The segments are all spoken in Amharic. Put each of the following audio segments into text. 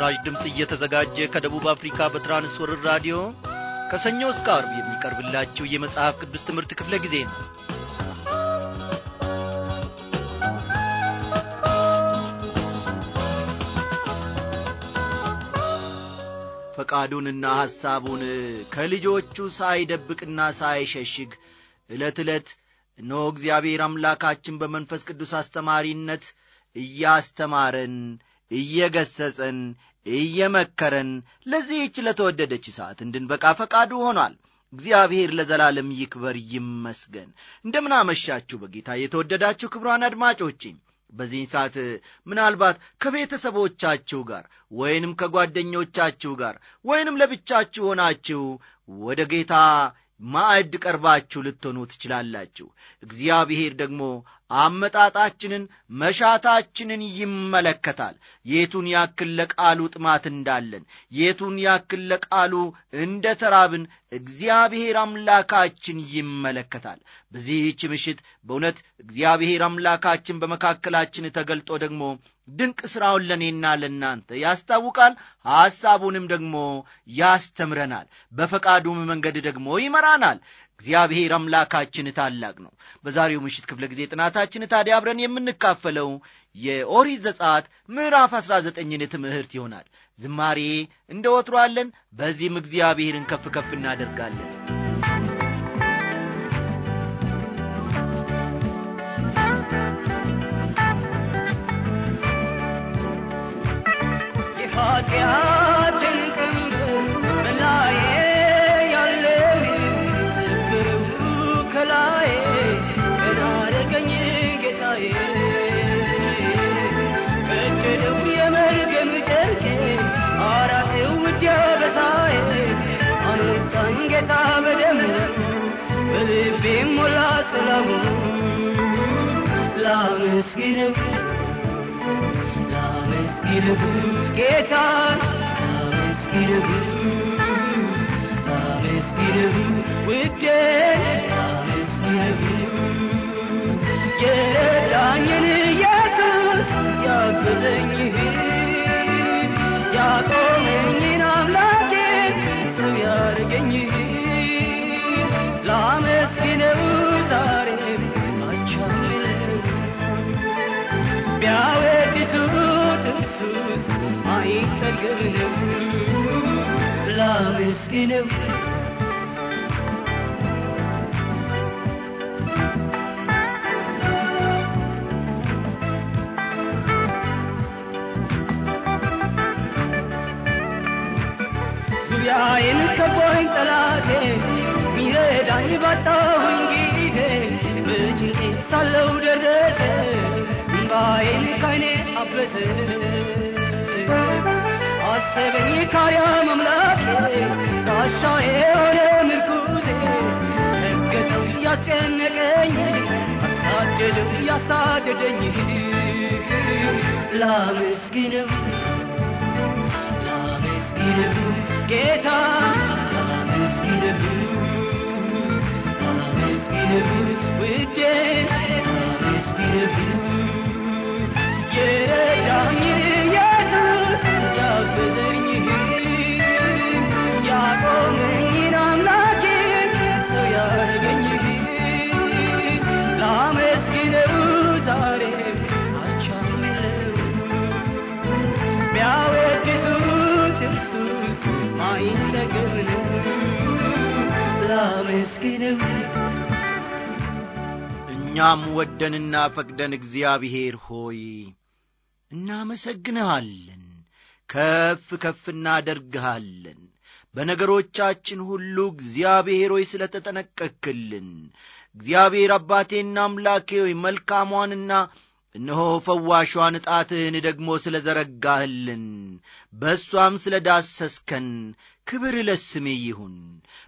ለምሥራች ድምፅ እየተዘጋጀ ከደቡብ አፍሪካ በትራንስወርር ራዲዮ ከሰኞ እስከ ዓርብ የሚቀርብላችሁ የመጽሐፍ ቅዱስ ትምህርት ክፍለ ጊዜ ነው። ፈቃዱንና ሐሳቡን ከልጆቹ ሳይደብቅና ሳይሸሽግ ዕለት ዕለት እነሆ እግዚአብሔር አምላካችን በመንፈስ ቅዱስ አስተማሪነት እያስተማረን እየገሰጸን እየመከረን ለዚህች ለተወደደች ሰዓት እንድንበቃ ፈቃዱ ሆኗል እግዚአብሔር ለዘላለም ይክበር ይመስገን እንደምናመሻችሁ በጌታ የተወደዳችሁ ክብሯን አድማጮቼ በዚህን ሰዓት ምናልባት ከቤተሰቦቻችሁ ጋር ወይንም ከጓደኞቻችሁ ጋር ወይንም ለብቻችሁ ሆናችሁ ወደ ጌታ ማዕድ ቀርባችሁ ልትሆኑ ትችላላችሁ እግዚአብሔር ደግሞ አመጣጣችንን፣ መሻታችንን ይመለከታል። የቱን ያክል ለቃሉ ጥማት እንዳለን፣ የቱን ያክል ለቃሉ እንደ ተራብን እግዚአብሔር አምላካችን ይመለከታል። በዚህች ምሽት በእውነት እግዚአብሔር አምላካችን በመካከላችን ተገልጦ ደግሞ ድንቅ ሥራውን ለእኔና ለእናንተ ያስታውቃል። ሐሳቡንም ደግሞ ያስተምረናል። በፈቃዱም መንገድ ደግሞ ይመራናል። እግዚአብሔር አምላካችን ታላቅ ነው። በዛሬው ምሽት ክፍለ ጊዜ ጥናታችን ታዲያ አብረን የምንካፈለው የኦሪት ዘጸአት ምዕራፍ 19ን ትምህርት ይሆናል። ዝማሬ እንደ ወትሯለን። በዚህም እግዚአብሔርን ከፍ ከፍ እናደርጋለን። ላመስግነው ላመስግነው ጌታን ላመስግነው ላመስግነው ውዴ ላመስግነው ላመስግነው ዙሪያዬን ከቦኝ ጠላቴ ሚረዳኝ ባጣሁኝ ጊዜ በጭንቄ ሳለው ደረሰ እንባዬን ካይኔ አበሰ አሰበኝ ካሪያ አምላኬ ጋሻዬ ሆነ ምርኩዜ እገተው እያስጨነቀኝ አሳደደው እያሳደደኝ ላመስግነው ላመስግነው ጌታ እኛም ወደንና ፈቅደን እግዚአብሔር ሆይ እናመሰግንሃለን፣ ከፍ ከፍ እናደርግሃለን። በነገሮቻችን ሁሉ እግዚአብሔር ሆይ ስለ ተጠነቀክልን፣ እግዚአብሔር አባቴና አምላኬ ሆይ መልካሟንና እነሆ ፈዋሿን ጣትህን ደግሞ ስለ ዘረጋህልን በእሷም ስለ ዳሰስከን ክብር ለስሜ ይሁን።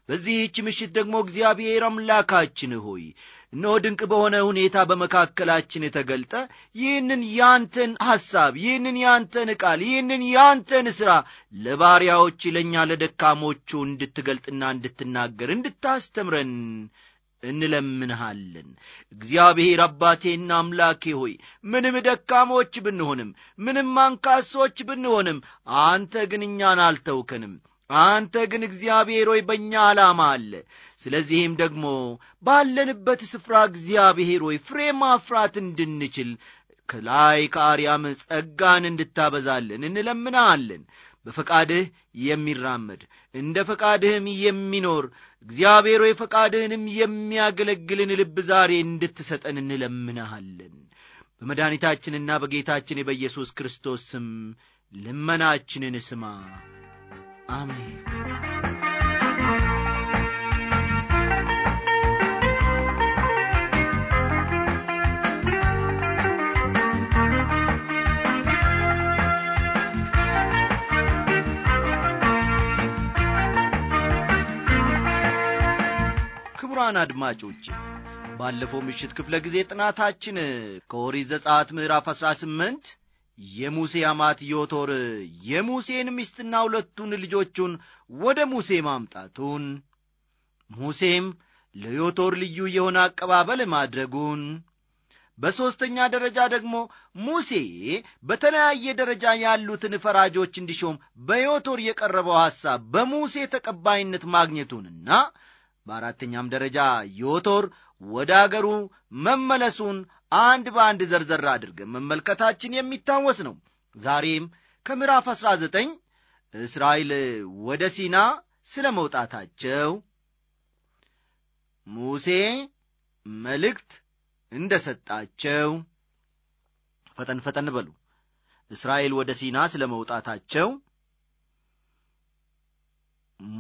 በዚህች ምሽት ደግሞ እግዚአብሔር አምላካችን ሆይ እነሆ ድንቅ በሆነ ሁኔታ በመካከላችን የተገልጠ ይህንን ያንተን ሐሳብ፣ ይህንን ያንተን ቃል፣ ይህንን ያንተን ሥራ ለባሪያዎች ለእኛ ለደካሞቹ እንድትገልጥና እንድትናገር እንድታስተምረን እንለምንሃለን። እግዚአብሔር አባቴና አምላኬ ሆይ ምንም ደካሞች ብንሆንም፣ ምንም አንካሶች ብንሆንም አንተ ግን እኛን አልተውከንም። አንተ ግን እግዚአብሔር ሆይ በእኛ ዓላማ አለ። ስለዚህም ደግሞ ባለንበት ስፍራ እግዚአብሔር ሆይ ፍሬ ማፍራት እንድንችል ከላይ ከአርያም ጸጋን እንድታበዛልን እንለምናለን። በፈቃድህ የሚራመድ እንደ ፈቃድህም የሚኖር እግዚአብሔር ሆይ ፈቃድህንም የሚያገለግልን ልብ ዛሬ እንድትሰጠን እንለምናሃለን። በመድኃኒታችንና በጌታችን በኢየሱስ ክርስቶስ ስም ልመናችንን ስማ። አሜን። ክቡራን አድማጮች ባለፈው ምሽት ክፍለ ጊዜ ጥናታችን ከኦሪት ዘጸአት ምዕራፍ 18 የሙሴ አማት ዮቶር የሙሴን ሚስትና ሁለቱን ልጆቹን ወደ ሙሴ ማምጣቱን ሙሴም ለዮቶር ልዩ የሆነ አቀባበል ማድረጉን በሦስተኛ ደረጃ ደግሞ ሙሴ በተለያየ ደረጃ ያሉትን ፈራጆች እንዲሾም በዮቶር የቀረበው ሐሳብ በሙሴ ተቀባይነት ማግኘቱንና በአራተኛም ደረጃ ዮቶር ወደ አገሩ መመለሱን አንድ በአንድ ዘርዘር አድርገን መመልከታችን የሚታወስ ነው። ዛሬም ከምዕራፍ 19 እስራኤል ወደ ሲና ስለ መውጣታቸው ሙሴ መልእክት እንደ ሰጣቸው ፈጠን ፈጠን በሉ። እስራኤል ወደ ሲና ስለ መውጣታቸው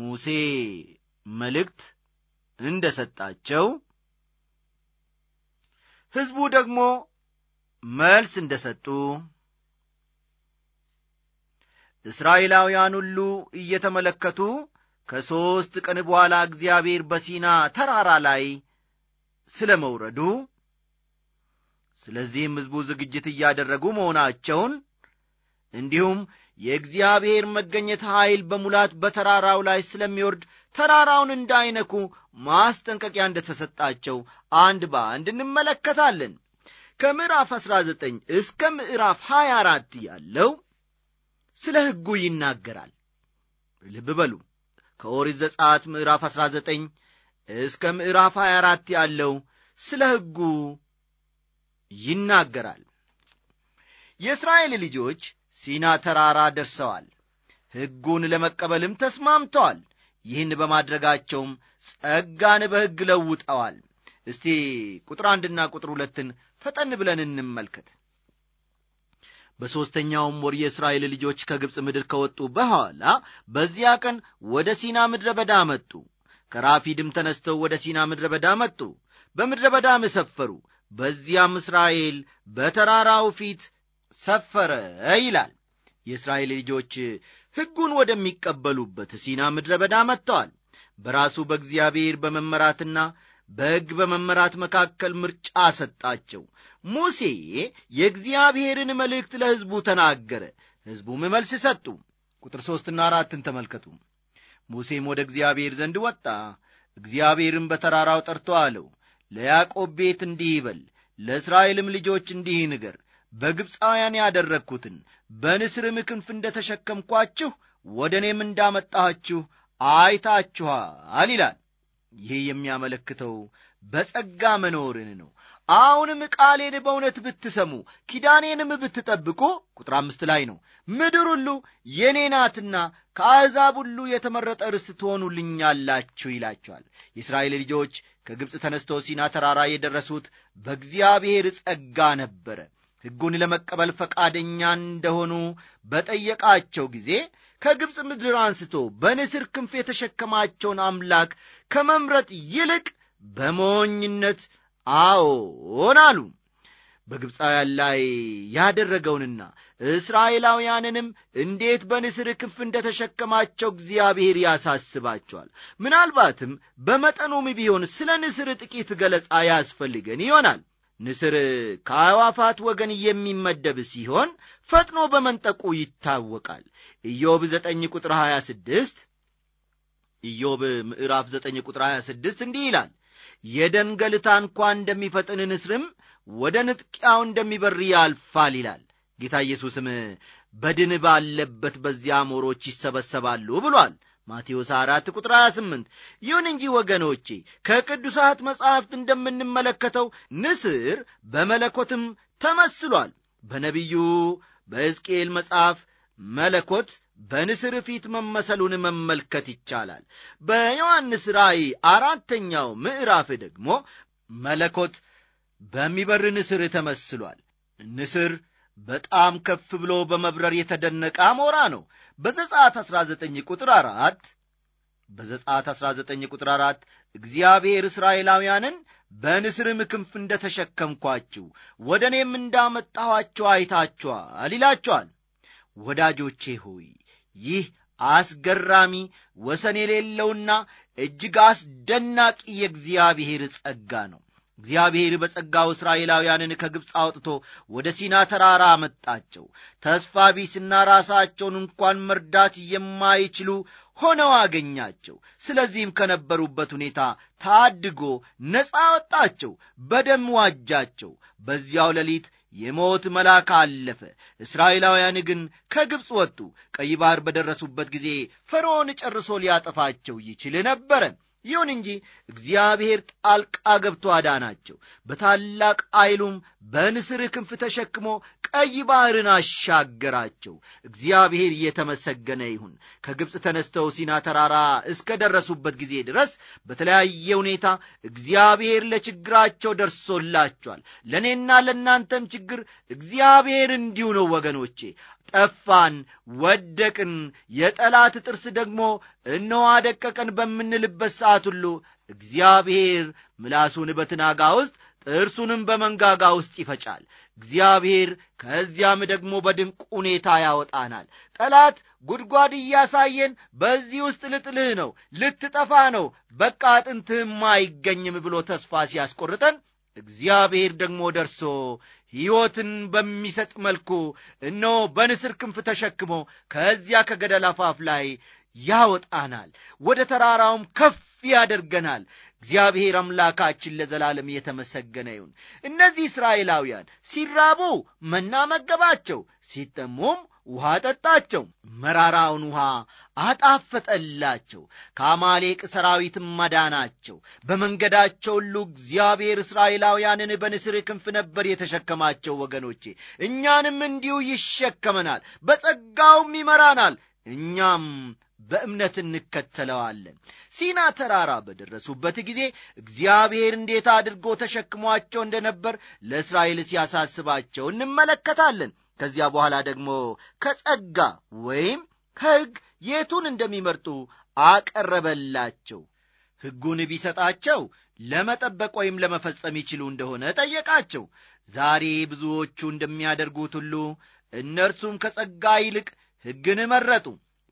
ሙሴ መልእክት እንደ ሰጣቸው ሕዝቡ ደግሞ መልስ እንደ ሰጡ እስራኤላውያን ሁሉ እየተመለከቱ ከሦስት ቀን በኋላ እግዚአብሔር በሲና ተራራ ላይ ስለ መውረዱ ስለዚህም ሕዝቡ ዝግጅት እያደረጉ መሆናቸውን እንዲሁም የእግዚአብሔር መገኘት ኃይል በሙላት በተራራው ላይ ስለሚወርድ ተራራውን እንዳይነኩ ማስጠንቀቂያ እንደተሰጣቸው አንድ በአንድ እንመለከታለን። ከምዕራፍ 19 እስከ ምዕራፍ 24 ያለው ስለ ሕጉ ይናገራል። ልብ በሉ ከኦሪት ዘጻት ምዕራፍ 19 እስከ ምዕራፍ 24 ያለው ስለ ሕጉ ይናገራል። የእስራኤል ልጆች ሲና ተራራ ደርሰዋል። ሕጉን ለመቀበልም ተስማምተዋል። ይህን በማድረጋቸውም ጸጋን በሕግ ለውጠዋል። እስቲ ቁጥር አንድና ቁጥር ሁለትን ፈጠን ብለን እንመልከት። በሦስተኛውም ወር የእስራኤል ልጆች ከግብፅ ምድር ከወጡ በኋላ በዚያ ቀን ወደ ሲና ምድረ በዳ መጡ። ከራፊድም ተነስተው ወደ ሲና ምድረ በዳ መጡ። በምድረ በዳም ሰፈሩ። በዚያም እስራኤል በተራራው ፊት ሰፈረ ይላል። የእስራኤል ልጆች ሕጉን ወደሚቀበሉበት ሲና ምድረ በዳ መጥተዋል። በራሱ በእግዚአብሔር በመመራትና በሕግ በመመራት መካከል ምርጫ ሰጣቸው። ሙሴ የእግዚአብሔርን መልእክት ለሕዝቡ ተናገረ፣ ሕዝቡም መልስ ሰጡ። ቁጥር ሦስትና አራትን ተመልከቱ። ሙሴም ወደ እግዚአብሔር ዘንድ ወጣ፣ እግዚአብሔርም በተራራው ጠርቶ አለው፣ ለያዕቆብ ቤት እንዲህ ይበል፣ ለእስራኤልም ልጆች እንዲህ ንገር በግብፃውያን ያደረግሁትን በንስርም ክንፍ እንደ ተሸከምኳችሁ ወደ እኔም እንዳመጣችሁ አይታችኋል ይላል። ይህ የሚያመለክተው በጸጋ መኖርን ነው። አሁንም ቃሌን በእውነት ብትሰሙ ኪዳኔንም ብትጠብቁ ቁጥር አምስት ላይ ነው ምድር ሁሉ የኔናትና ከአሕዛብ ሁሉ የተመረጠ ርስት ትሆኑልኛላችሁ ይላቸዋል። የእስራኤል ልጆች ከግብፅ ተነስተው ሲና ተራራ የደረሱት በእግዚአብሔር ጸጋ ነበረ። ሕጉን ለመቀበል ፈቃደኛ እንደሆኑ በጠየቃቸው ጊዜ ከግብፅ ምድር አንስቶ በንስር ክንፍ የተሸከማቸውን አምላክ ከመምረጥ ይልቅ በሞኝነት አዎን አሉ። በግብፃውያን ላይ ያደረገውንና እስራኤላውያንንም እንዴት በንስር ክንፍ እንደተሸከማቸው እግዚአብሔር ያሳስባቸዋል። ምናልባትም በመጠኑም ቢሆን ስለ ንስር ጥቂት ገለጻ ያስፈልገን ይሆናል። ንስር ከአዋፋት ወገን የሚመደብ ሲሆን ፈጥኖ በመንጠቁ ይታወቃል። ኢዮብ 9 ቁጥር 26 ኢዮብ ምዕራፍ 9 ቁጥር 26 እንዲህ ይላል የደንገል ታንኳ እንደሚፈጥን ንስርም ወደ ንጥቂያው እንደሚበር ያልፋል ይላል። ጌታ ኢየሱስም በድን ባለበት በዚያ ሞሮች ይሰበሰባሉ ብሏል። ማቴዎስ 4 ቁጥር 28። ይሁን እንጂ ወገኖቼ ከቅዱሳት መጻሕፍት እንደምንመለከተው ንስር በመለኮትም ተመስሏል። በነቢዩ በሕዝቅኤል መጽሐፍ መለኮት በንስር ፊት መመሰሉን መመልከት ይቻላል። በዮሐንስ ራእይ አራተኛው ምዕራፍ ደግሞ መለኮት በሚበር ንስር ተመስሏል። ንስር በጣም ከፍ ብሎ በመብረር የተደነቀ አሞራ ነው። በዘጸአት 19 ቁጥር 4 በዘጸአት 19 ቁጥር 4 እግዚአብሔር እስራኤላውያንን በንስርም ክንፍ እንደ ተሸከምኳችሁ ወደ እኔም እንዳመጣኋችሁ አይታችኋል ይላችኋል። ወዳጆቼ ሆይ ይህ አስገራሚ ወሰን የሌለውና እጅግ አስደናቂ የእግዚአብሔር ጸጋ ነው። እግዚአብሔር በጸጋው እስራኤላውያንን ከግብፅ አውጥቶ ወደ ሲና ተራራ አመጣቸው። ተስፋ ቢስና ራሳቸውን እንኳን መርዳት የማይችሉ ሆነው አገኛቸው። ስለዚህም ከነበሩበት ሁኔታ ታድጎ ነፃ አወጣቸው፣ በደም ዋጃቸው። በዚያው ሌሊት የሞት መልአክ አለፈ። እስራኤላውያን ግን ከግብፅ ወጡ። ቀይ ባሕር በደረሱበት ጊዜ ፈርዖን ጨርሶ ሊያጠፋቸው ይችል ነበረን። ይሁን እንጂ እግዚአብሔር ጣልቃ ገብቶ አዳናቸው። በታላቅ ኃይሉም በንስር ክንፍ ተሸክሞ ቀይ ባሕርን አሻገራቸው። እግዚአብሔር እየተመሰገነ ይሁን። ከግብፅ ተነስተው ሲና ተራራ እስከ ደረሱበት ጊዜ ድረስ በተለያየ ሁኔታ እግዚአብሔር ለችግራቸው ደርሶላቸዋል። ለእኔና ለእናንተም ችግር እግዚአብሔር እንዲሁ ነው ወገኖቼ። ጠፋን፣ ወደቅን፣ የጠላት ጥርስ ደግሞ እነሆ አደቀቀን በምንልበት ሰዓት ሁሉ እግዚአብሔር ምላሱን በትናጋ ውስጥ ጥርሱንም በመንጋጋ ውስጥ ይፈጫል። እግዚአብሔር ከዚያም ደግሞ በድንቅ ሁኔታ ያወጣናል። ጠላት ጉድጓድ እያሳየን በዚህ ውስጥ ልጥልህ ነው፣ ልትጠፋ ነው፣ በቃ አጥንትህም አይገኝም ብሎ ተስፋ ሲያስቆርጠን እግዚአብሔር ደግሞ ደርሶ ሕይወትን በሚሰጥ መልኩ እኖ በንስር ክንፍ ተሸክሞ ከዚያ ከገደል አፋፍ ላይ ያወጣናል፣ ወደ ተራራውም ከፍ ያደርገናል። እግዚአብሔር አምላካችን ለዘላለም የተመሰገነ ይሁን። እነዚህ እስራኤላውያን ሲራቡ መና መገባቸው፣ ሲጠሙም ውሃ ጠጣቸው፣ መራራውን ውሃ አጣፈጠላቸው፣ ከአማሌቅ ሰራዊትም ማዳናቸው በመንገዳቸው ሁሉ እግዚአብሔር እስራኤላውያንን በንስር ክንፍ ነበር የተሸከማቸው። ወገኖቼ እኛንም እንዲሁ ይሸከመናል፣ በጸጋውም ይመራናል። እኛም በእምነት እንከተለዋለን። ሲና ተራራ በደረሱበት ጊዜ እግዚአብሔር እንዴት አድርጎ ተሸክሟቸው እንደነበር ለእስራኤል ሲያሳስባቸው እንመለከታለን። ከዚያ በኋላ ደግሞ ከጸጋ ወይም ከሕግ የቱን እንደሚመርጡ አቀረበላቸው። ሕጉን ቢሰጣቸው ለመጠበቅ ወይም ለመፈጸም ይችሉ እንደሆነ ጠየቃቸው። ዛሬ ብዙዎቹ እንደሚያደርጉት ሁሉ እነርሱም ከጸጋ ይልቅ ሕግን መረጡ።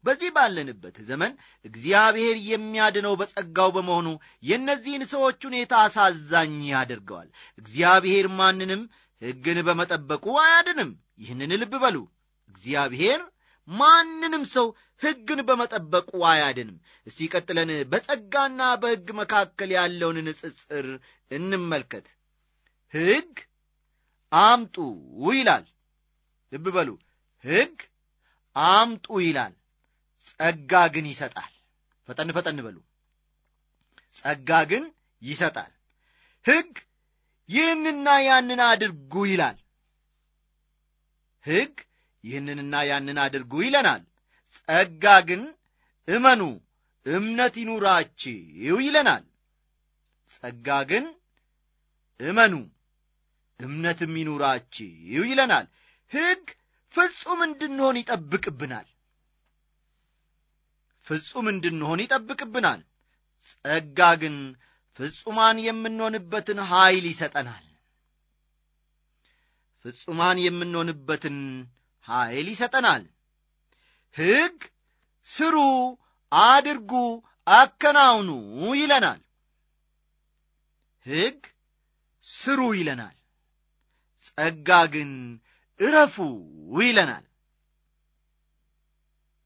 በዚህ ባለንበት ዘመን እግዚአብሔር የሚያድነው በጸጋው በመሆኑ የእነዚህን ሰዎች ሁኔታ አሳዛኝ ያደርገዋል። እግዚአብሔር ማንንም ሕግን በመጠበቁ አያድንም። ይህንን ልብ በሉ። እግዚአብሔር ማንንም ሰው ሕግን በመጠበቁ አያድንም። እስቲ ቀጥለን በጸጋና በሕግ መካከል ያለውን ንጽጽር እንመልከት። ሕግ አምጡ ይላል። ልብ በሉ። ሕግ አምጡ ይላል፣ ጸጋ ግን ይሰጣል። ፈጠን ፈጠን በሉ። ጸጋ ግን ይሰጣል። ሕግ ይህንና ያንን አድርጉ ይላል። ሕግ ይህንንና ያንን አድርጉ ይለናል። ጸጋ ግን እመኑ፣ እምነት ይኑራችሁ ይለናል። ጸጋ ግን እመኑ፣ እምነትም ይኑራችሁ ይለናል። ሕግ ፍጹም እንድንሆን ይጠብቅብናል። ፍጹም እንድንሆን ይጠብቅብናል። ጸጋ ግን ፍጹማን የምንሆንበትን ኀይል ይሰጠናል። ፍጹማን የምንሆንበትን ኀይል ይሰጠናል። ሕግ ስሩ፣ አድርጉ፣ አከናውኑ ይለናል። ሕግ ስሩ ይለናል። ጸጋ ግን እረፉ ይለናል።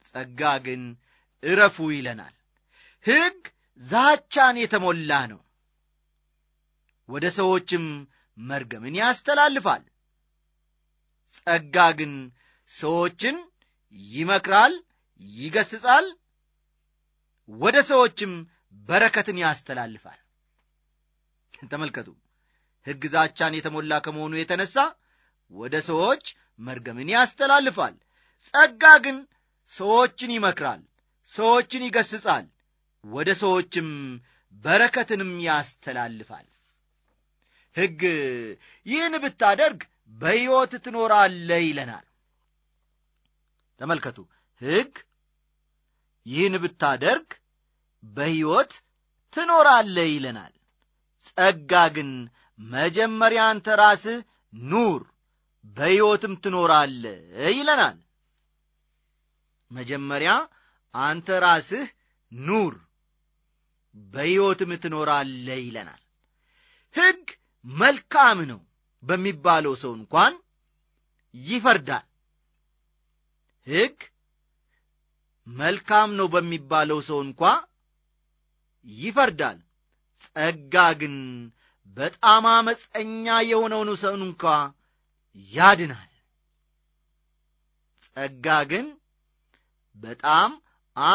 ጸጋ ግን እረፉ ይለናል። ሕግ ዛቻን የተሞላ ነው። ወደ ሰዎችም መርገምን ያስተላልፋል። ጸጋ ግን ሰዎችን ይመክራል፣ ይገስጻል፣ ወደ ሰዎችም በረከትን ያስተላልፋል። ተመልከቱ፣ ሕግ ዛቻን የተሞላ ከመሆኑ የተነሳ ወደ ሰዎች መርገምን ያስተላልፋል። ጸጋ ግን ሰዎችን ይመክራል፣ ሰዎችን ይገስጻል፣ ወደ ሰዎችም በረከትንም ያስተላልፋል ሕግ ይህን ብታደርግ በሕይወት ትኖራለህ ይለናል ተመልከቱ ሕግ ይህን ብታደርግ በሕይወት ትኖራለህ ይለናል ጸጋ ግን መጀመሪያ አንተ ራስህ ኑር በሕይወትም ትኖራለ ይለናል መጀመሪያ አንተ ራስህ ኑር በሕይወትም ትኖራለ ይለናል። ሕግ መልካም ነው በሚባለው ሰው እንኳን ይፈርዳል። ሕግ መልካም ነው በሚባለው ሰው እንኳ ይፈርዳል። ጸጋ ግን በጣም አመፀኛ የሆነውን ሰውን እንኳ ያድናል። ጸጋ ግን በጣም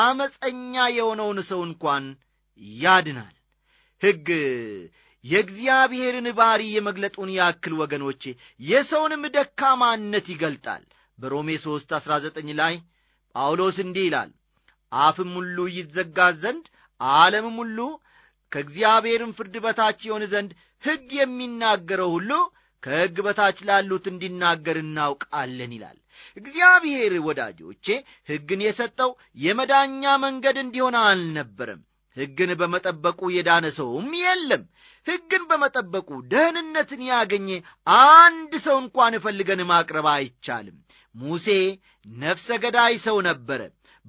አመፀኛ የሆነውን ሰው እንኳን ያድናል። ሕግ የእግዚአብሔርን ባሪ የመግለጡን ያክል ወገኖቼ የሰውንም ደካማነት ይገልጣል። በሮሜ 3 19 ላይ ጳውሎስ እንዲህ ይላል፣ አፍም ሁሉ ይዘጋ ዘንድ ዓለምም ሁሉ ከእግዚአብሔርም ፍርድ በታች የሆን ዘንድ ሕግ የሚናገረው ሁሉ ከሕግ በታች ላሉት እንዲናገር እናውቃለን ይላል። እግዚአብሔር ወዳጆቼ ሕግን የሰጠው የመዳኛ መንገድ እንዲሆን አልነበረም። ሕግን በመጠበቁ የዳነ ሰውም የለም። ሕግን በመጠበቁ ደህንነትን ያገኘ አንድ ሰው እንኳን እፈልገን ማቅረብ አይቻልም። ሙሴ ነፍሰ ገዳይ ሰው ነበረ።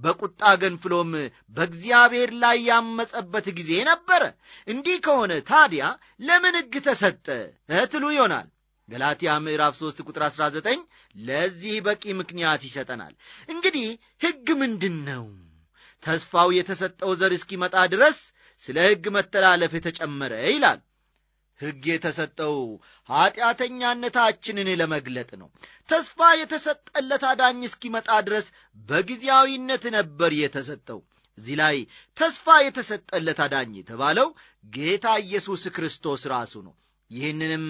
በቁጣ ገንፍሎም በእግዚአብሔር ላይ ያመፀበት ጊዜ ነበረ። እንዲህ ከሆነ ታዲያ ለምን ሕግ ተሰጠ ትሉ ይሆናል። ገላትያ ምዕራፍ 3 ቁጥር 19 ለዚህ በቂ ምክንያት ይሰጠናል። እንግዲህ ሕግ ምንድን ነው? ተስፋው የተሰጠው ዘር እስኪመጣ ድረስ ስለ ሕግ መተላለፍ የተጨመረ ይላል። ሕግ የተሰጠው ኀጢአተኛነታችንን ለመግለጥ ነው። ተስፋ የተሰጠለት አዳኝ እስኪመጣ ድረስ በጊዜያዊነት ነበር የተሰጠው። እዚህ ላይ ተስፋ የተሰጠለት አዳኝ የተባለው ጌታ ኢየሱስ ክርስቶስ ራሱ ነው። ይህንንም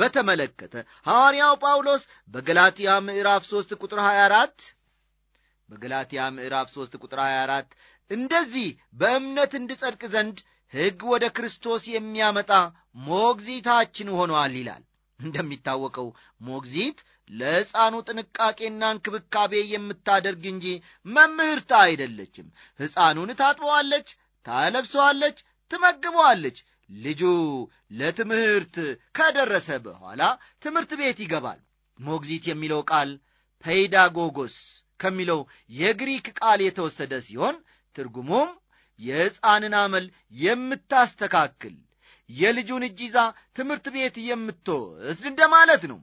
በተመለከተ ሐዋርያው ጳውሎስ በገላትያ ምዕራፍ 3 ቁጥር 24 በገላትያ ምዕራፍ 3 ቁጥር 24 እንደዚህ በእምነት እንድጸድቅ ዘንድ ሕግ ወደ ክርስቶስ የሚያመጣ ሞግዚታችን ሆኗል ይላል። እንደሚታወቀው ሞግዚት ለሕፃኑ ጥንቃቄና እንክብካቤ የምታደርግ እንጂ መምህርታ አይደለችም። ሕፃኑን ታጥበዋለች፣ ታለብሰዋለች፣ ትመግበዋለች። ልጁ ለትምህርት ከደረሰ በኋላ ትምህርት ቤት ይገባል። ሞግዚት የሚለው ቃል ፔዳጎጎስ ከሚለው የግሪክ ቃል የተወሰደ ሲሆን ትርጉሙም የሕፃንን አመል የምታስተካክል የልጁን እጅ ይዛ ትምህርት ቤት የምትወስድ እንደማለት ነው።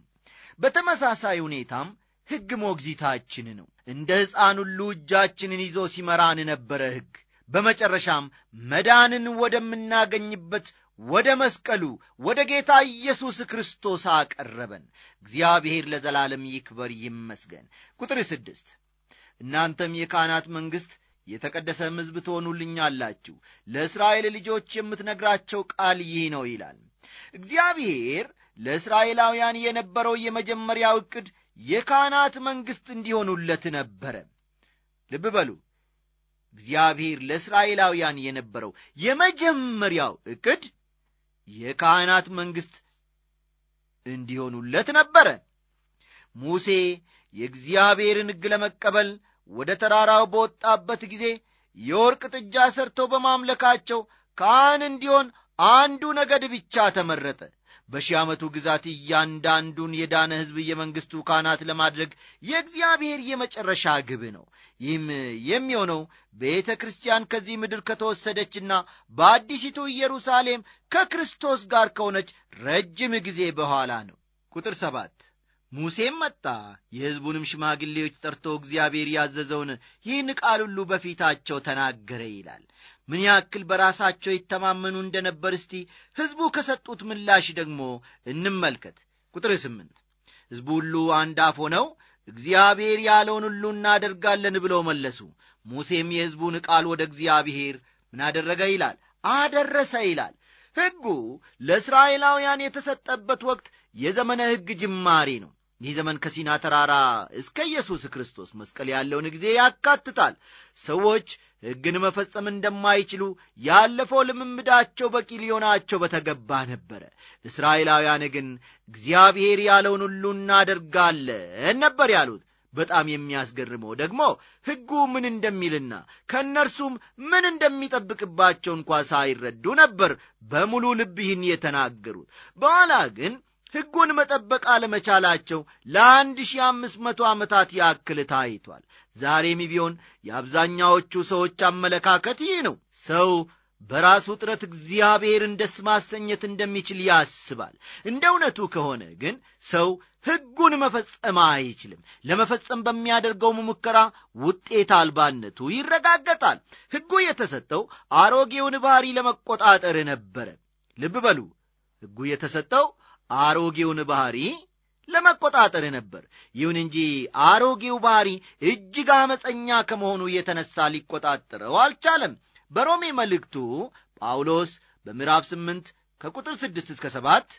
በተመሳሳይ ሁኔታም ሕግ ሞግዚታችን ነው። እንደ ሕፃን ሁሉ እጃችንን ይዞ ሲመራን ነበረ ሕግ። በመጨረሻም መዳንን ወደምናገኝበት ወደ መስቀሉ ወደ ጌታ ኢየሱስ ክርስቶስ አቀረበን። እግዚአብሔር ለዘላለም ይክበር ይመስገን። ቁጥር ስድስት እናንተም የካህናት መንግሥት የተቀደሰም ሕዝብ ትሆኑልኛላችሁ ለእስራኤል ልጆች የምትነግራቸው ቃል ይህ ነው ይላል እግዚአብሔር ለእስራኤላውያን የነበረው የመጀመሪያው ዕቅድ የካህናት መንግሥት እንዲሆኑለት ነበረ ልብ በሉ እግዚአብሔር ለእስራኤላውያን የነበረው የመጀመሪያው ዕቅድ የካህናት መንግሥት እንዲሆኑለት ነበረ ሙሴ የእግዚአብሔርን ሕግ ለመቀበል ወደ ተራራው በወጣበት ጊዜ የወርቅ ጥጃ ሰርቶ በማምለካቸው ካህን እንዲሆን አንዱ ነገድ ብቻ ተመረጠ። በሺህ ዓመቱ ግዛት እያንዳንዱን የዳነ ሕዝብ የመንግሥቱ ካህናት ለማድረግ የእግዚአብሔር የመጨረሻ ግብ ነው። ይህም የሚሆነው ቤተ ክርስቲያን ከዚህ ምድር ከተወሰደችና በአዲሲቱ ኢየሩሳሌም ከክርስቶስ ጋር ከሆነች ረጅም ጊዜ በኋላ ነው። ቁጥር ሰባት ሙሴም መጣ፣ የሕዝቡንም ሽማግሌዎች ጠርቶ እግዚአብሔር ያዘዘውን ይህን ቃል ሁሉ በፊታቸው ተናገረ ይላል። ምን ያክል በራሳቸው ይተማመኑ እንደነበር እስቲ ሕዝቡ ከሰጡት ምላሽ ደግሞ እንመልከት። ቁጥር ስምንት ሕዝቡ ሁሉ አንድ አፎ ሆነው እግዚአብሔር ያለውን ሁሉ እናደርጋለን ብለው መለሱ። ሙሴም የሕዝቡን ቃል ወደ እግዚአብሔር ምን አደረገ ይላል አደረሰ ይላል። ሕጉ ለእስራኤላውያን የተሰጠበት ወቅት የዘመነ ሕግ ጅማሬ ነው። ይህ ዘመን ከሲና ተራራ እስከ ኢየሱስ ክርስቶስ መስቀል ያለውን ጊዜ ያካትታል። ሰዎች ሕግን መፈጸም እንደማይችሉ ያለፈው ልምምዳቸው በቂ ሊሆናቸው በተገባ ነበረ። እስራኤላውያን ግን እግዚአብሔር ያለውን ሁሉ እናደርጋለን ነበር ያሉት። በጣም የሚያስገርመው ደግሞ ሕጉ ምን እንደሚልና ከእነርሱም ምን እንደሚጠብቅባቸው እንኳ ሳይረዱ ነበር በሙሉ ልብ የተናገሩት። በኋላ ግን ሕጉን መጠበቅ አለመቻላቸው ለአንድ ሺህ አምስት መቶ ዓመታት ያክል ታይቷል። ዛሬም ቢሆን የአብዛኛዎቹ ሰዎች አመለካከት ይህ ነው። ሰው በራሱ ጥረት እግዚአብሔርን ደስ ማሰኘት እንደሚችል ያስባል። እንደ እውነቱ ከሆነ ግን ሰው ሕጉን መፈጸም አይችልም። ለመፈጸም በሚያደርገው ሙከራ ውጤት አልባነቱ ይረጋገጣል። ሕጉ የተሰጠው አሮጌውን ባሕሪ ለመቆጣጠር ነበረ። ልብ በሉ፣ ሕጉ የተሰጠው አሮጌውን ባሕሪ ለመቆጣጠር ነበር። ይሁን እንጂ አሮጌው ባሕሪ እጅግ አመፀኛ ከመሆኑ የተነሳ ሊቆጣጠረው አልቻለም። በሮሜ መልእክቱ ጳውሎስ በምዕራፍ 8 ከቁጥር ስድስት እስከ ሰባት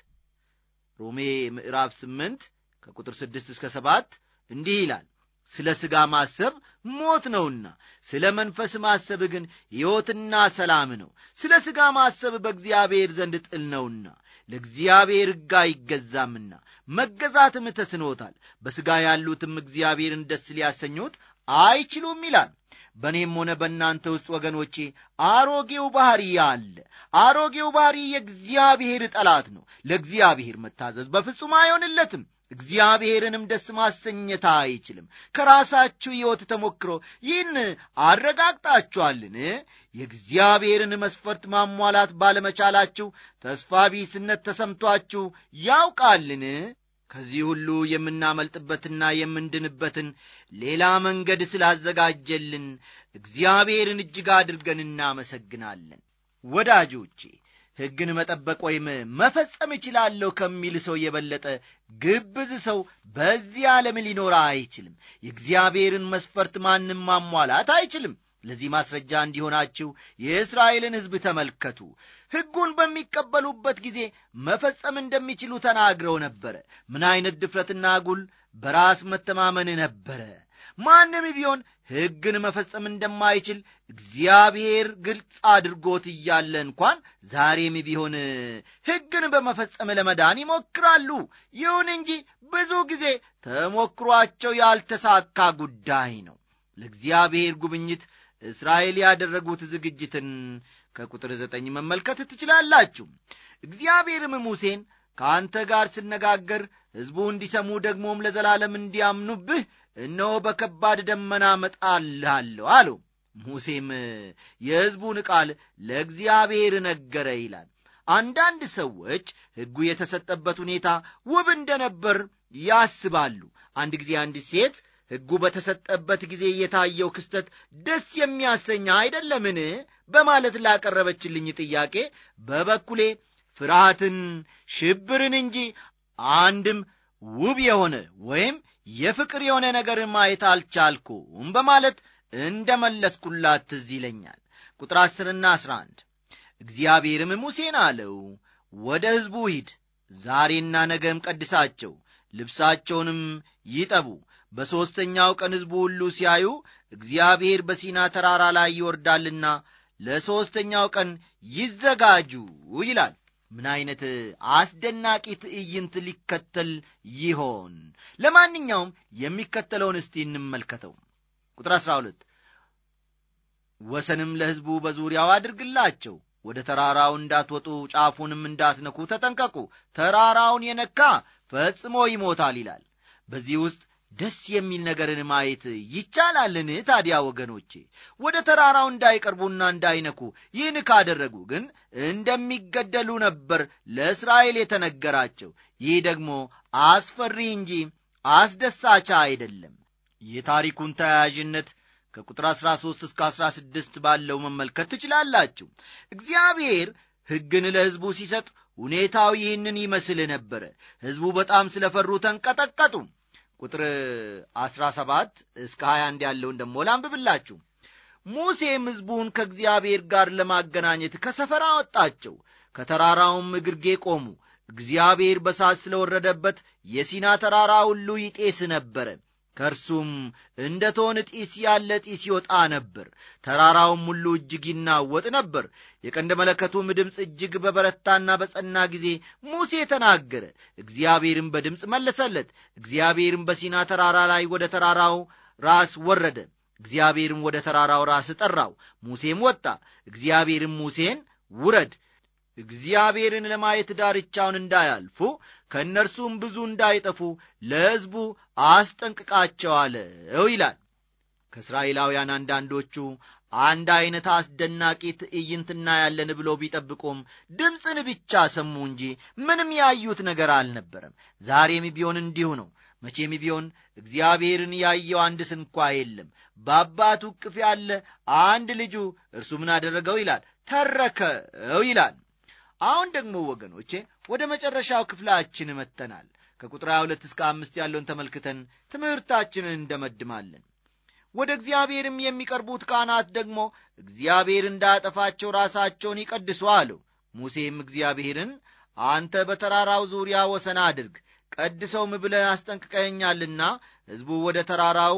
ሮሜ ምዕራፍ 8 ከቁጥር 6 እስከ ሰባት እንዲህ ይላል ስለ ሥጋ ማሰብ ሞት ነውና፣ ስለ መንፈስ ማሰብ ግን ሕይወትና ሰላም ነው። ስለ ሥጋ ማሰብ በእግዚአብሔር ዘንድ ጥል ነውና፣ ለእግዚአብሔር ሕግ አይገዛምና መገዛትም ተስኖታል። በሥጋ ያሉትም እግዚአብሔርን ደስ ሊያሰኙት አይችሉም ይላል። በእኔም ሆነ በእናንተ ውስጥ ወገኖቼ አሮጌው ባሕሪ አለ። አሮጌው ባሕሪ የእግዚአብሔር ጠላት ነው። ለእግዚአብሔር መታዘዝ በፍጹም አይሆንለትም። እግዚአብሔርንም ደስ ማሰኘት አይችልም። ከራሳችሁ ሕይወት ተሞክሮ ይህን አረጋግጣችኋልን? የእግዚአብሔርን መስፈርት ማሟላት ባለመቻላችሁ ተስፋ ቢስነት ተሰምቷችሁ ያውቃልን? ከዚህ ሁሉ የምናመልጥበትና የምንድንበትን ሌላ መንገድ ስላዘጋጀልን እግዚአብሔርን እጅግ አድርገን እናመሰግናለን። ወዳጆቼ ሕግን መጠበቅ ወይም መፈጸም እችላለሁ ከሚል ሰው የበለጠ ግብዝ ሰው በዚህ ዓለም ሊኖር አይችልም። የእግዚአብሔርን መስፈርት ማንም ማሟላት አይችልም። ለዚህ ማስረጃ እንዲሆናችሁ የእስራኤልን ሕዝብ ተመልከቱ። ሕጉን በሚቀበሉበት ጊዜ መፈጸም እንደሚችሉ ተናግረው ነበረ። ምን ዐይነት ድፍረትና ጉል በራስ መተማመን ነበረ! ማንም ቢሆን ሕግን መፈጸም እንደማይችል እግዚአብሔር ግልጽ አድርጎት እያለ እንኳን ዛሬም ቢሆን ሕግን በመፈጸም ለመዳን ይሞክራሉ። ይሁን እንጂ ብዙ ጊዜ ተሞክሯቸው ያልተሳካ ጉዳይ ነው። ለእግዚአብሔር ጉብኝት እስራኤል ያደረጉት ዝግጅትን ከቁጥር ዘጠኝ መመልከት ትችላላችሁ። እግዚአብሔርም ሙሴን ከአንተ ጋር ስነጋገር ሕዝቡ እንዲሰሙ ደግሞም ለዘላለም እንዲያምኑብህ እነሆ በከባድ ደመና መጣልሃለሁ አሉ። ሙሴም የሕዝቡን ቃል ለእግዚአብሔር ነገረ ይላል። አንዳንድ ሰዎች ሕጉ የተሰጠበት ሁኔታ ውብ እንደነበር ያስባሉ። አንድ ጊዜ አንዲት ሴት ሕጉ በተሰጠበት ጊዜ የታየው ክስተት ደስ የሚያሰኝ አይደለምን? በማለት ላቀረበችልኝ ጥያቄ በበኩሌ ፍርሃትን፣ ሽብርን እንጂ አንድም ውብ የሆነ ወይም የፍቅር የሆነ ነገር ማየት አልቻልኩም በማለት እንደ መለስኩላት ትዝ ይለኛል። ቁጥር ዐሥርና ዐሥራ አንድ እግዚአብሔርም ሙሴን አለው ወደ ሕዝቡ ሂድ፣ ዛሬና ነገም ቀድሳቸው፣ ልብሳቸውንም ይጠቡ። በሦስተኛው ቀን ሕዝቡ ሁሉ ሲያዩ እግዚአብሔር በሲና ተራራ ላይ ይወርዳልና ለሦስተኛው ቀን ይዘጋጁ ይላል። ምን አይነት አስደናቂ ትዕይንት ሊከተል ይሆን? ለማንኛውም የሚከተለውን እስቲ እንመልከተው። ቁጥር 12 ወሰንም ለሕዝቡ በዙሪያው አድርግላቸው ወደ ተራራው እንዳትወጡ ጫፉንም እንዳትነኩ ተጠንቀቁ፣ ተራራውን የነካ ፈጽሞ ይሞታል ይላል። በዚህ ውስጥ ደስ የሚል ነገርን ማየት ይቻላልን? ታዲያ ወገኖቼ ወደ ተራራው እንዳይቀርቡና እንዳይነኩ ይህን ካደረጉ ግን እንደሚገደሉ ነበር ለእስራኤል የተነገራቸው። ይህ ደግሞ አስፈሪ እንጂ አስደሳች አይደለም። የታሪኩን ተያያዥነት ከቁጥር 13 እስከ 16 ባለው መመልከት ትችላላችሁ። እግዚአብሔር ሕግን ለሕዝቡ ሲሰጥ ሁኔታው ይህንን ይመስል ነበረ። ሕዝቡ በጣም ስለ ፈሩ ተንቀጠቀጡ። ቁጥር 17 እስከ 21 ያለውን ደሞ ላንብብላችሁ። ሙሴም ሕዝቡን ከእግዚአብሔር ጋር ለማገናኘት ከሰፈራ አወጣቸው፣ ከተራራውም እግርጌ ቆሙ። እግዚአብሔር በሳት ስለወረደበት የሲና ተራራ ሁሉ ይጤስ ነበረ። ከእርሱም እንደ ቶን ጢስ ያለ ጢስ ይወጣ ነበር። ተራራውም ሁሉ እጅግ ይናወጥ ነበር። የቀንድ መለከቱም ድምፅ እጅግ በበረታና በጸና ጊዜ ሙሴ ተናገረ፣ እግዚአብሔርም በድምፅ መለሰለት። እግዚአብሔርም በሲና ተራራ ላይ ወደ ተራራው ራስ ወረደ። እግዚአብሔርም ወደ ተራራው ራስ ጠራው፣ ሙሴም ወጣ። እግዚአብሔርም ሙሴን ውረድ እግዚአብሔርን ለማየት ዳርቻውን እንዳያልፉ ከእነርሱም ብዙ እንዳይጠፉ ለሕዝቡ አስጠንቅቃቸዋለው ይላል። ከእስራኤላውያን አንዳንዶቹ አንድ ዐይነት አስደናቂ ትዕይንት እናያለን ብሎ ቢጠብቁም ድምፅን ብቻ ሰሙ እንጂ ምንም ያዩት ነገር አልነበረም። ዛሬም ቢሆን እንዲሁ ነው። መቼም ቢሆን እግዚአብሔርን ያየው አንድ ስንኳ የለም። በአባቱ እቅፍ ያለ አንድ ልጁ እርሱ ምን አደረገው ይላል? ተረከው ይላል። አሁን ደግሞ ወገኖቼ ወደ መጨረሻው ክፍላችን መጥተናል። ከቁጥር 22 እስከ 5 ያለውን ተመልክተን ትምህርታችንን እንደመድማለን። ወደ እግዚአብሔርም የሚቀርቡት ካህናት ደግሞ እግዚአብሔር እንዳጠፋቸው ራሳቸውን ይቀድሱ አሉ። ሙሴም እግዚአብሔርን አንተ በተራራው ዙሪያ ወሰን አድርግ ቀድሰውም ብለህ አስጠንቅቀኸኛልና ሕዝቡ ወደ ተራራው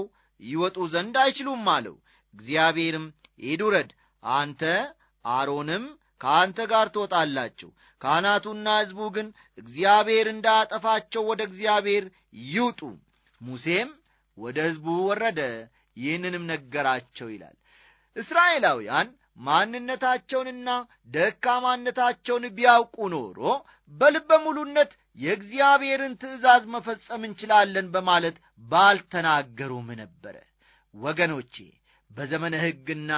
ይወጡ ዘንድ አይችሉም አለው። እግዚአብሔርም ሂድ ውረድ፣ አንተ አሮንም ከአንተ ጋር ትወጣላችሁ። ካህናቱና ሕዝቡ ግን እግዚአብሔር እንዳጠፋቸው ወደ እግዚአብሔር ይውጡ። ሙሴም ወደ ሕዝቡ ወረደ፣ ይህንንም ነገራቸው ይላል። እስራኤላውያን ማንነታቸውንና ደካማነታቸውን ቢያውቁ ኖሮ በልበ ሙሉነት የእግዚአብሔርን ትእዛዝ መፈጸም እንችላለን በማለት ባልተናገሩም ነበረ። ወገኖቼ በዘመነ ሕግና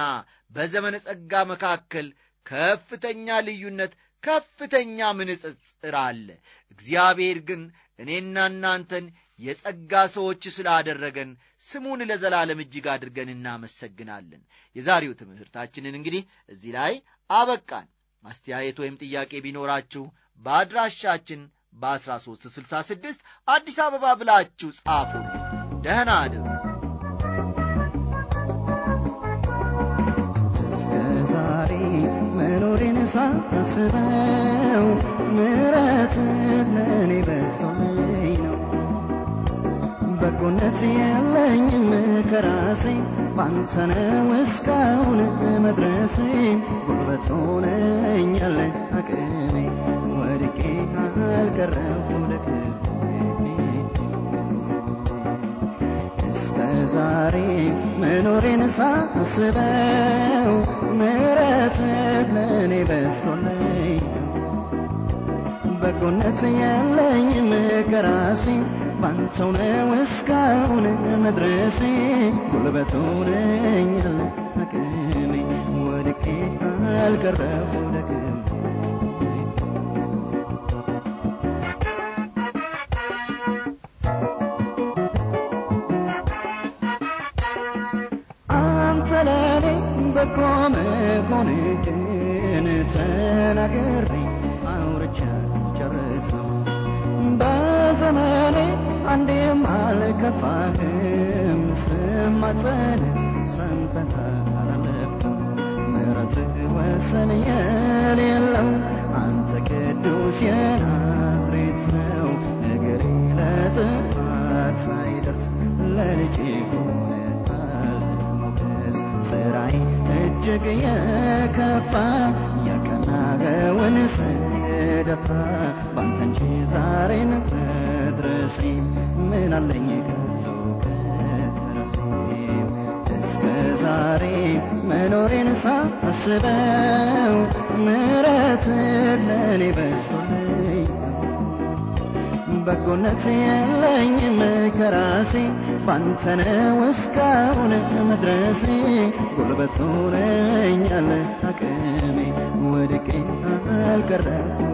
በዘመነ ጸጋ መካከል ከፍተኛ ልዩነት፣ ከፍተኛ ምንጽጽር አለ። እግዚአብሔር ግን እኔና እናንተን የጸጋ ሰዎች ስላደረገን ስሙን ለዘላለም እጅግ አድርገን እናመሰግናለን። የዛሬው ትምህርታችንን እንግዲህ እዚህ ላይ አበቃን። አስተያየት ወይም ጥያቄ ቢኖራችሁ በአድራሻችን በ1366 አዲስ አበባ ብላችሁ ጻፉ። ደህና አደሩ። ሳስበው ምረት ለእኔ በሶኝ ነው በጎነት የለኝም ከራሴ ባንተ ነው እስካሁን መድረሴ ጉልበት ሆነኛለ አቅሜ ወድቄ አልቀረው ዛሬ መኖሬን ሳስበው ምረት ለእኔ በሶልኝ በጎነት ያለኝ ከራሴ ባንተው ነው እስካሁን መድረሴ ጉልበቱ ነኝ አቅሜ ወድቄ አልቀረም ያንተ ወሰን የሌለው አንተ ቅዱስ የናዝሬት ነው። እግሬ ለጥፋት ሳይደርስ ለልጅ ሆነሃል ሞገስ። ስራይ እጅግ የከፋ ያቀናገውን ስደፋ ባንተ እንጂ ዛሬን መድረሴ ምን አለኝ ዛሬ መኖሬን ሳስበው ምረት ለኔ በስቶልኝ በጎነት የለኝም ከራሴ ባንተነ ነው እስካሁን መድረሴ ጉልበት ሆነኛል አቅሜ ወድቄ አልቀረም